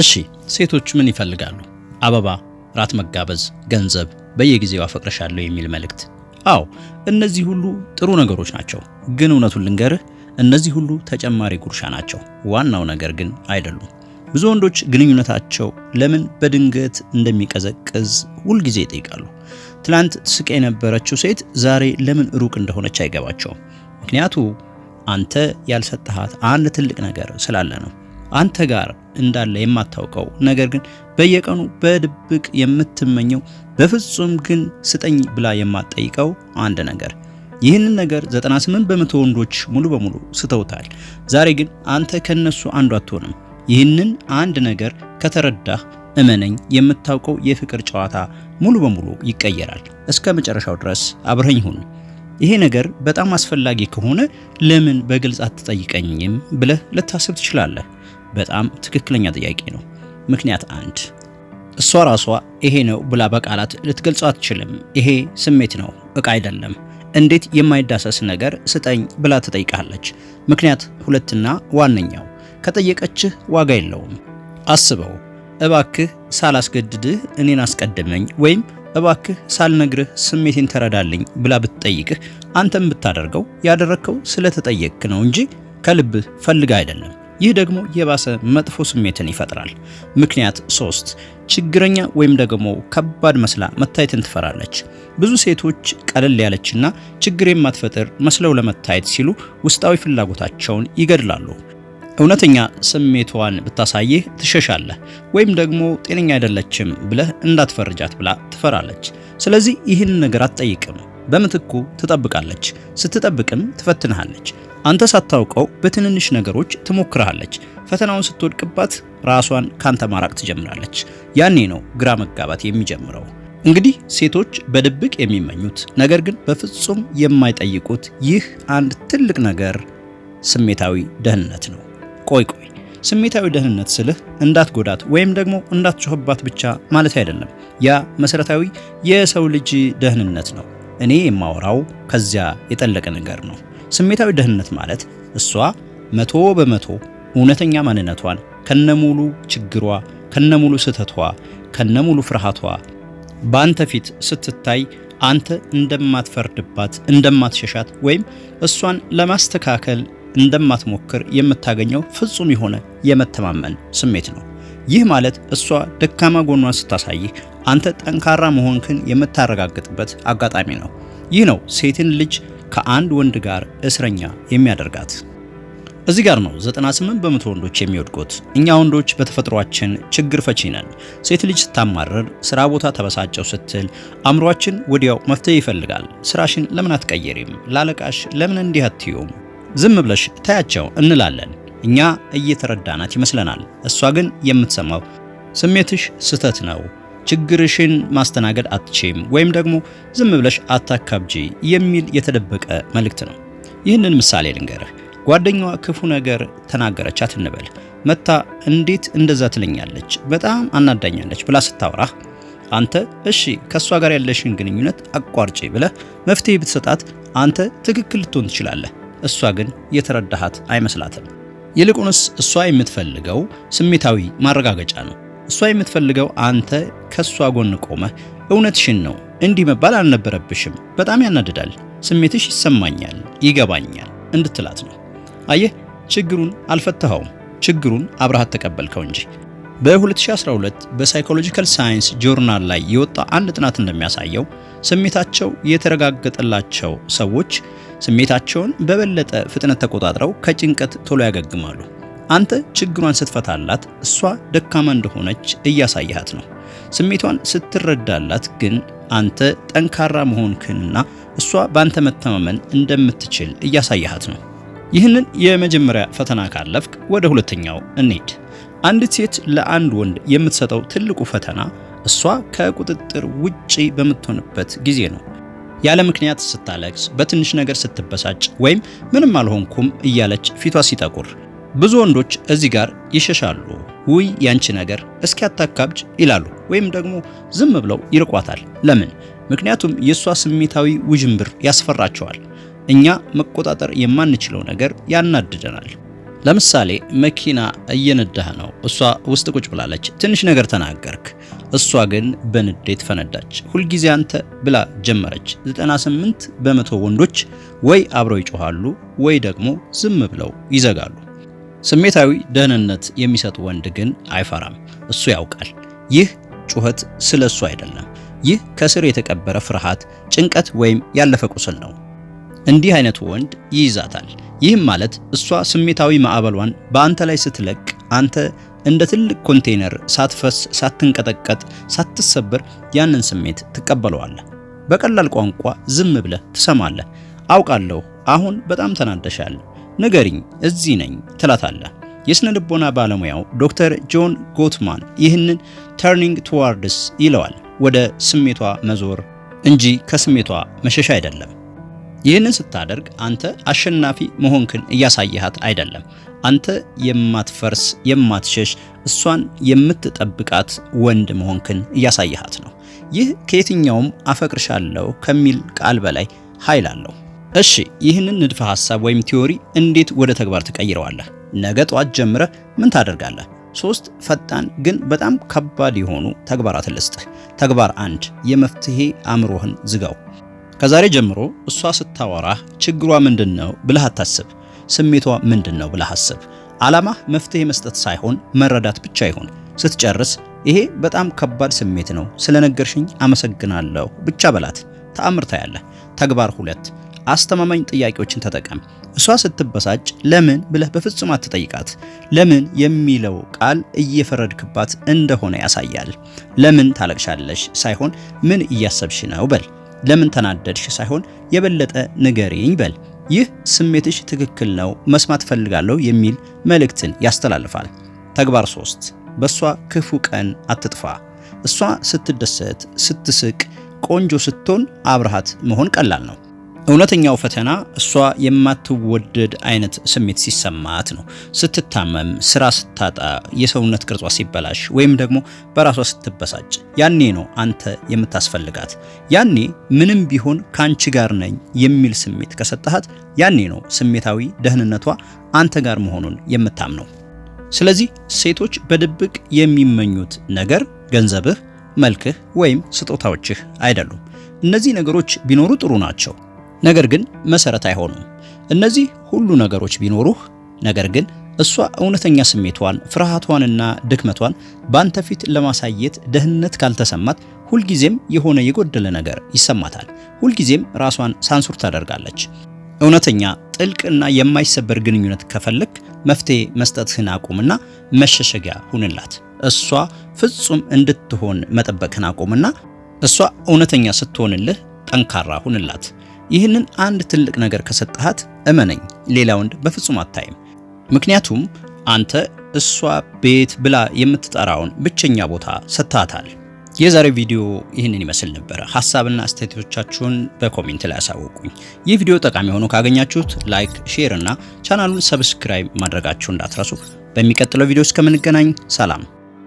እሺ ሴቶች ምን ይፈልጋሉ? አበባ፣ ራት መጋበዝ፣ ገንዘብ፣ በየጊዜው አፈቅረሻለሁ የሚል መልእክት። አዎ እነዚህ ሁሉ ጥሩ ነገሮች ናቸው። ግን እውነቱን ልንገርህ፣ እነዚህ ሁሉ ተጨማሪ ጉርሻ ናቸው። ዋናው ነገር ግን አይደሉም። ብዙ ወንዶች ግንኙነታቸው ለምን በድንገት እንደሚቀዘቅዝ ሁልጊዜ ይጠይቃሉ። ትላንት ትስቅ የነበረችው ሴት ዛሬ ለምን ሩቅ እንደሆነች አይገባቸውም። ምክንያቱ አንተ ያልሰጠሃት አንድ ትልቅ ነገር ስላለ ነው። አንተ ጋር እንዳለ የማታውቀው ነገር ግን በየቀኑ በድብቅ የምትመኘው በፍጹም ግን ስጠኝ ብላ የማትጠይቀው አንድ ነገር። ይህንን ነገር 98 በመቶ ወንዶች ሙሉ በሙሉ ስተውታል። ዛሬ ግን አንተ ከነሱ አንዱ አትሆንም። ይህንን አንድ ነገር ከተረዳህ እመነኝ፣ የምታውቀው የፍቅር ጨዋታ ሙሉ በሙሉ ይቀየራል። እስከ መጨረሻው ድረስ አብረኝ ሁን። ይሄ ነገር በጣም አስፈላጊ ከሆነ ለምን በግልጽ አትጠይቀኝም ብለህ ልታስብ ትችላለህ። በጣም ትክክለኛ ጥያቄ ነው። ምክንያት አንድ እሷ ራሷ ይሄ ነው ብላ በቃላት ልትገልጸው አትችልም። ይሄ ስሜት ነው፣ እቃ አይደለም። እንዴት የማይዳሰስ ነገር ስጠኝ ብላ ትጠይቃለች። ምክንያት ሁለትና ዋነኛው ከጠየቀችህ ዋጋ የለውም። አስበው፣ እባክህ ሳላስገድድህ እኔን አስቀድመኝ ወይም እባክህ ሳልነግርህ ስሜቴን ተረዳልኝ ብላ ብትጠይቅህ አንተም ብታደርገው ያደረግከው ስለተጠየቅክ ነው እንጂ ከልብህ ፈልጋ አይደለም። ይህ ደግሞ የባሰ መጥፎ ስሜትን ይፈጥራል። ምክንያት ሶስት ችግረኛ ወይም ደግሞ ከባድ መስላ መታየትን ትፈራለች። ብዙ ሴቶች ቀለል ያለችና ችግር የማትፈጥር መስለው ለመታየት ሲሉ ውስጣዊ ፍላጎታቸውን ይገድላሉ። እውነተኛ ስሜቷን ብታሳይህ ትሸሻለህ፣ ወይም ደግሞ ጤነኛ አይደለችም ብለህ እንዳትፈርጃት ብላ ትፈራለች። ስለዚህ ይህን ነገር አትጠይቅም። በምትኩ ትጠብቃለች። ስትጠብቅም ትፈትንሃለች። አንተ ሳታውቀው በትንንሽ ነገሮች ትሞክርሃለች። ፈተናውን ስትወድቅባት ራሷን ካንተ ማራቅ ትጀምራለች። ያኔ ነው ግራ መጋባት የሚጀምረው። እንግዲህ ሴቶች በድብቅ የሚመኙት ነገር ግን በፍጹም የማይጠይቁት ይህ አንድ ትልቅ ነገር ስሜታዊ ደህንነት ነው። ቆይ ቆይ ስሜታዊ ደህንነት ስልህ እንዳትጎዳት ወይም ደግሞ እንዳትጮህባት ብቻ ማለት አይደለም። ያ መሰረታዊ የሰው ልጅ ደህንነት ነው። እኔ የማወራው ከዚያ የጠለቀ ነገር ነው። ስሜታዊ ደህንነት ማለት እሷ መቶ በመቶ እውነተኛ ማንነቷን ከነሙሉ ችግሯ፣ ከነሙሉ ስህተቷ፣ ከነሙሉ ፍርሃቷ በአንተ ፊት ስትታይ አንተ እንደማትፈርድባት፣ እንደማትሸሻት ወይም እሷን ለማስተካከል እንደማትሞክር የምታገኘው ፍጹም የሆነ የመተማመን ስሜት ነው። ይህ ማለት እሷ ደካማ ጎኗን ስታሳይህ አንተ ጠንካራ መሆንክን የምታረጋግጥበት አጋጣሚ ነው። ይህ ነው ሴትን ልጅ ከአንድ ወንድ ጋር እስረኛ የሚያደርጋት። እዚህ ጋር ነው 98 በመቶ ወንዶች የሚወድቁት። እኛ ወንዶች በተፈጥሯችን ችግር ፈቺ ነን። ሴት ልጅ ስታማረር፣ ስራ ቦታ ተበሳጨው ስትል አእምሯችን ወዲያው መፍትሄ ይፈልጋል። ስራሽን ለምን አትቀየሪም? ላለቃሽ ለምን እንዲህ አትዩም? ዝም ብለሽ ታያቸው እንላለን። እኛ እየተረዳናት ይመስለናል። እሷ ግን የምትሰማው ስሜትሽ ስህተት ነው ችግርሽን ማስተናገድ አትችም ወይም ደግሞ ዝም ብለሽ አታካብጂ የሚል የተደበቀ መልእክት ነው። ይህንን ምሳሌ ልንገርህ። ጓደኛዋ ክፉ ነገር ተናገረቻት እንበል። መታ እንዴት እንደዛ ትለኛለች፣ በጣም አናዳኛለች ብላ ስታወራህ አንተ እሺ ከእሷ ጋር ያለሽን ግንኙነት አቋርጪ ብለህ መፍትሄ ብትሰጣት አንተ ትክክል ልትሆን ትችላለህ። እሷ ግን የተረዳሃት አይመስላትም። ይልቁንስ እሷ የምትፈልገው ስሜታዊ ማረጋገጫ ነው። እሷ የምትፈልገው አንተ ከእሷ ጎን ቆመህ እውነትሽን ነው እንዲህ መባል አልነበረብሽም፣ በጣም ያናድዳል፣ ስሜትሽ ይሰማኛል፣ ይገባኛል እንድትላት ነው። አየህ ችግሩን አልፈተኸውም፣ ችግሩን አብረሃት ተቀበልከው እንጂ። በ2012 በሳይኮሎጂካል ሳይንስ ጆርናል ላይ የወጣ አንድ ጥናት እንደሚያሳየው ስሜታቸው የተረጋገጠላቸው ሰዎች ስሜታቸውን በበለጠ ፍጥነት ተቆጣጥረው ከጭንቀት ቶሎ ያገግማሉ። አንተ ችግሯን ስትፈታላት እሷ ደካማ እንደሆነች እያሳያት ነው። ስሜቷን ስትረዳላት ግን አንተ ጠንካራ መሆንክንና እሷ በአንተ መተማመን እንደምትችል እያሳያት ነው። ይህንን የመጀመሪያ ፈተና ካለፍክ ወደ ሁለተኛው እንሂድ። አንዲት ሴት ለአንድ ወንድ የምትሰጠው ትልቁ ፈተና እሷ ከቁጥጥር ውጪ በምትሆንበት ጊዜ ነው። ያለ ምክንያት ስታለቅስ፣ በትንሽ ነገር ስትበሳጭ፣ ወይም ምንም አልሆንኩም እያለች ፊቷ ሲጠቁር ብዙ ወንዶች እዚህ ጋር ይሸሻሉ። ውይ ያንቺ ነገር እስኪያታካብጅ ይላሉ፣ ወይም ደግሞ ዝም ብለው ይርቋታል። ለምን? ምክንያቱም የእሷ ስሜታዊ ውዥንብር ያስፈራቸዋል። እኛ መቆጣጠር የማንችለው ነገር ያናድደናል። ለምሳሌ መኪና እየነዳህ ነው፣ እሷ ውስጥ ቁጭ ብላለች። ትንሽ ነገር ተናገርክ፣ እሷ ግን በንዴት ፈነዳች። ሁልጊዜ አንተ ብላ ጀመረች። 98 በመቶ ወንዶች ወይ አብረው ይጮሃሉ ወይ ደግሞ ዝም ብለው ይዘጋሉ። ስሜታዊ ደህንነት የሚሰጥ ወንድ ግን አይፈራም። እሱ ያውቃል፣ ይህ ጩኸት ስለ እሱ አይደለም። ይህ ከስር የተቀበረ ፍርሃት፣ ጭንቀት ወይም ያለፈ ቁስል ነው። እንዲህ አይነቱ ወንድ ይይዛታል። ይህም ማለት እሷ ስሜታዊ ማዕበሏን በአንተ ላይ ስትለቅ አንተ እንደ ትልቅ ኮንቴይነር ሳትፈስ፣ ሳትንቀጠቀጥ፣ ሳትሰበር ያንን ስሜት ትቀበለዋለህ። በቀላል ቋንቋ ዝም ብለህ ትሰማለህ። አውቃለሁ አሁን በጣም ተናደሻል ንገሪኝ፣ እዚህ ነኝ ትላታለህ። የስነ ልቦና ባለሙያው ዶክተር ጆን ጎትማን ይህንን ተርኒንግ ቱዋርድስ ይለዋል። ወደ ስሜቷ መዞር እንጂ ከስሜቷ መሸሻ አይደለም። ይህንን ስታደርግ አንተ አሸናፊ መሆንክን እያሳየሃት አይደለም። አንተ የማትፈርስ የማትሸሽ፣ እሷን የምትጠብቃት ወንድ መሆንክን እያሳየሃት ነው። ይህ ከየትኛውም አፈቅርሻለሁ ከሚል ቃል በላይ ኃይል አለው። እሺ ይህንን ንድፈ ሐሳብ ወይም ቲዮሪ እንዴት ወደ ተግባር ትቀይረዋለህ? ነገ ጠዋት ጀምረህ ምን ታደርጋለህ? ሶስት ፈጣን ግን በጣም ከባድ የሆኑ ተግባራትን ልስጥህ። ተግባር አንድ የመፍትሄ አእምሮህን ዝጋው። ከዛሬ ጀምሮ እሷ ስታወራህ ችግሯ ምንድን ነው ብለህ አታስብ። ስሜቷ ምንድን ነው ብለህ አስብ። ዓላማ መፍትሄ መስጠት ሳይሆን መረዳት ብቻ ይሁን። ስትጨርስ ይሄ በጣም ከባድ ስሜት ነው፣ ስለነገርሽኝ አመሰግናለሁ ብቻ በላት። ተአምር ታያለህ። ተግባር ሁለት አስተማማኝ ጥያቄዎችን ተጠቀም። እሷ ስትበሳጭ ለምን ብለህ በፍጹም አትጠይቃት። ለምን የሚለው ቃል እየፈረድክባት እንደሆነ ያሳያል። ለምን ታለቅሻለሽ ሳይሆን ምን እያሰብሽ ነው በል። ለምን ተናደድሽ ሳይሆን የበለጠ ንገሪኝ በል። ይህ ስሜትሽ ትክክል ነው፣ መስማት ፈልጋለሁ የሚል መልእክትን ያስተላልፋል። ተግባር 3 በእሷ ክፉ ቀን አትጥፋ። እሷ ስትደሰት፣ ስትስቅ፣ ቆንጆ ስትሆን አብርሃት መሆን ቀላል ነው። እውነተኛው ፈተና እሷ የማትወደድ አይነት ስሜት ሲሰማት ነው። ስትታመም፣ ስራ ስታጣ፣ የሰውነት ቅርጿ ሲበላሽ ወይም ደግሞ በራሷ ስትበሳጭ፣ ያኔ ነው አንተ የምታስፈልጋት። ያኔ ምንም ቢሆን ከአንቺ ጋር ነኝ የሚል ስሜት ከሰጠሃት፣ ያኔ ነው ስሜታዊ ደህንነቷ አንተ ጋር መሆኑን የምታምነው። ስለዚህ ሴቶች በድብቅ የሚመኙት ነገር ገንዘብህ፣ መልክህ ወይም ስጦታዎችህ አይደሉም። እነዚህ ነገሮች ቢኖሩ ጥሩ ናቸው። ነገር ግን መሰረት አይሆኑም። እነዚህ ሁሉ ነገሮች ቢኖሩህ ነገር ግን እሷ እውነተኛ ስሜቷን ፍርሃቷንና ድክመቷን በአንተ ፊት ለማሳየት ደህንነት ካልተሰማት ሁልጊዜም የሆነ የጎደለ ነገር ይሰማታል። ሁልጊዜም ራሷን ሳንሱር ታደርጋለች። እውነተኛ ጥልቅና የማይሰበር ግንኙነት ከፈለክ መፍትሄ መስጠትህን አቁምና መሸሸጊያ ሁንላት። እሷ ፍጹም እንድትሆን መጠበቅህን አቁምና እሷ እውነተኛ ስትሆንልህ ጠንካራ ሁንላት። ይህንን አንድ ትልቅ ነገር ከሰጠሃት እመነኝ፣ ሌላ ወንድ በፍጹም አታይም። ምክንያቱም አንተ እሷ ቤት ብላ የምትጠራውን ብቸኛ ቦታ ሰጥታታል። የዛሬው ቪዲዮ ይህንን ይመስል ነበር። ሀሳብና አስተያየቶቻችሁን በኮሜንት ላይ አሳውቁኝ። ይህ ቪዲዮ ጠቃሚ ሆኖ ካገኛችሁት ላይክ፣ ሼር እና ቻናሉን ሰብስክራይብ ማድረጋችሁ እንዳትረሱ። በሚቀጥለው ቪዲዮ እስከምንገናኝ ሰላም።